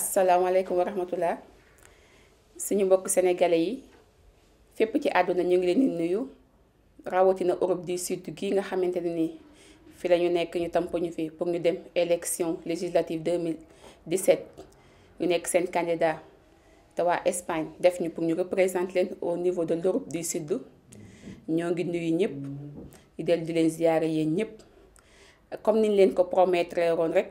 asalaamaaleykum wa rahmatullah suñu mbokk sénégalais yi fépp ci àdduna ñu ngi leen di nuyu rawatina Europe du Sud gi nga xamante ne fi la ñu nekk ñu tamp fi pour ñu dem élection législative 2017 ñu nekk seen candidat te waa Espagne def ñu pour ñu représente leen au niveau de l'Europe du Sud ñoo ngi nuyu ñëpp di del di leen ziyaare yéen ñëpp comme niñ leen ko promettre woon rek.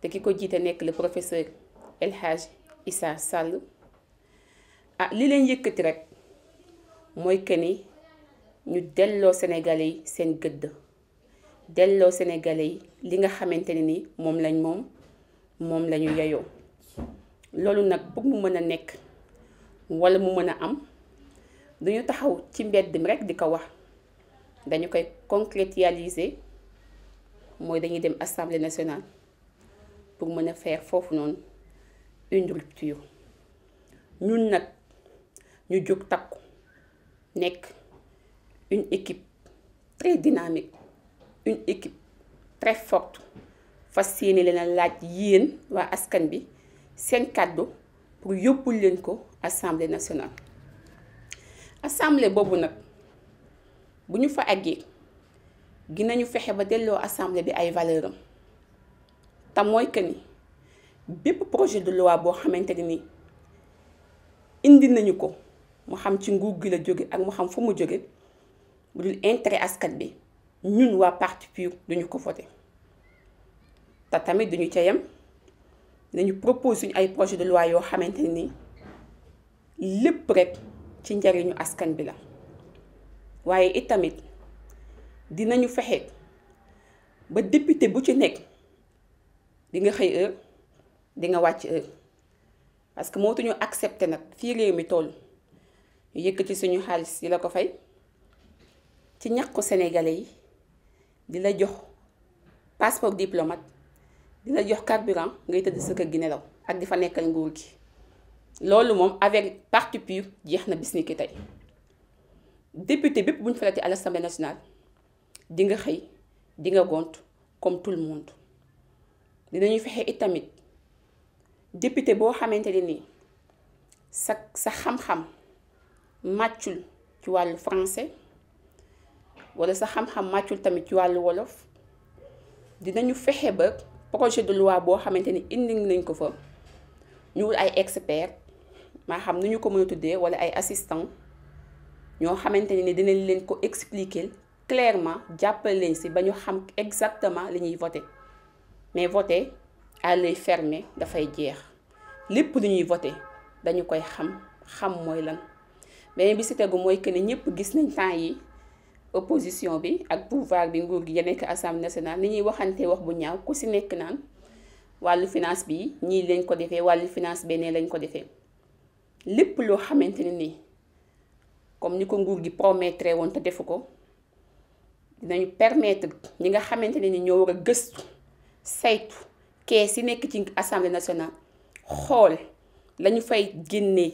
te ki ko jiite nekk le professeur El Hadj Issa Sall ah li leen yëkkati rek mooy que ni ñu delloo Sénégalais yi seen gëdd delloo Sénégalais yi li nga xamante ne ni moom lañ moom moom lañu ñu loolu nag pour mu mën a nekk wala mu mën a am duñu taxaw ci mbedd mi rek di ko wax dañu koy concrétiser mooy dañuy dem assemblée nationale. pour me faire foofu non, une rupture Nous nak ñu jóg takku nek une équipe très dynamique une équipe très forte fas yéene laaj yeen wa askan bi sen cadeau pour yóbbul leen ko assemblée nationale. assemblée bobu nak buñu ñu fa àggee ginañu fexé ba delloo assemblée bi ay te mooy que ni bépp projet de loi boo xamante ne ni indi nañu ko mu xam ci nguur gi la jóge ak mu xam fu mu jóge bu dul intérêt askan bi ñun waa parti PUR ko voté te tamit duñu ca yem dañu propose suñu ay projet de loi yoo xamante ne ni lépp rek ci njariñu askan bi la waaye itamit dinañu fexe ba député bu ci nekk. di nga xëy heure di nga parce que mootuñu accepté nag fii réew mi toll ñu suñu xaalis di la ko fay ci sénégalais yi di passeport diplomate di la jox carburant ngay tëdd sa kër ak di fa nekkal nguur gi loolu avec parti pur jeex na bis député à l'Assemblée nationale di comme tout le monde dinañu fexe itamit député boo xamante ne nii sa sa xam-xam màccul ci wàllu français wala sa xam-xam màccul tamit ci wàllu wolof dinañu fexe ba projet de loi boo xamante ni indi nañ ko fa ñu ay expert maa xam nu ñu ko mën a tuddee ay assistant ñoo xamante ne dinañ leen ko expliquer clairement jàppale leen si ba ñu xam exactement li ñuy voter. mais voter à l'œil dafay jeex lépp lu ñuy voter dañu koy xam xam mooy lan. beneen bi si tegu mooy que ne ñëpp gis nañ temps yi opposition bi ak pouvoir bi nguur gi ya nekk assemblée nationale ni ñuy waxante wax bu ñaaw ku si nekk naan wàll finance bi ñii lañ ko defee wàll finance beneen lañ ko defee lépp loo xamante ne nii. comme ni ko nguur gi promettre woon te defu ko dinañu permettre ñi nga xamante ne ni ñoo war a gëstu saytu kees yi nekk ci assemblée nationale xool lañu fay génne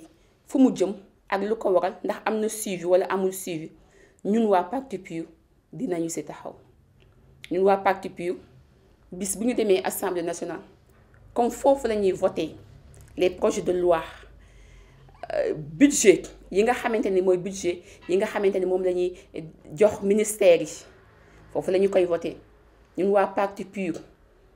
fu mu jëm ak lu ko waral ndax am na suivi wala amul suivi ñun waa parti PUR dinañu si taxaw ñun waa parti PUR bis bu ñu demee assemblée nationale comme foofu la ñuy voté les projets de loi euh, budget yi nga xamante ni mooy budget yi nga xamante ni moom la ñuy jox ministère yi foofu la ñu koy voté ñun waa parti PUR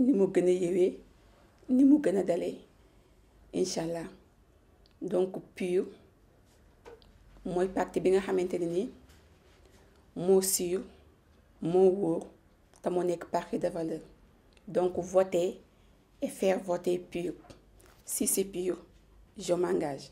ni mu gëna yewé ni mu gëna dalé inshallah donc piyu moy parti bi nga xamante ni mo siu mo moo ta mo nek parti de valeur donc voter et faire voter piyu si c'est piyu je m'engage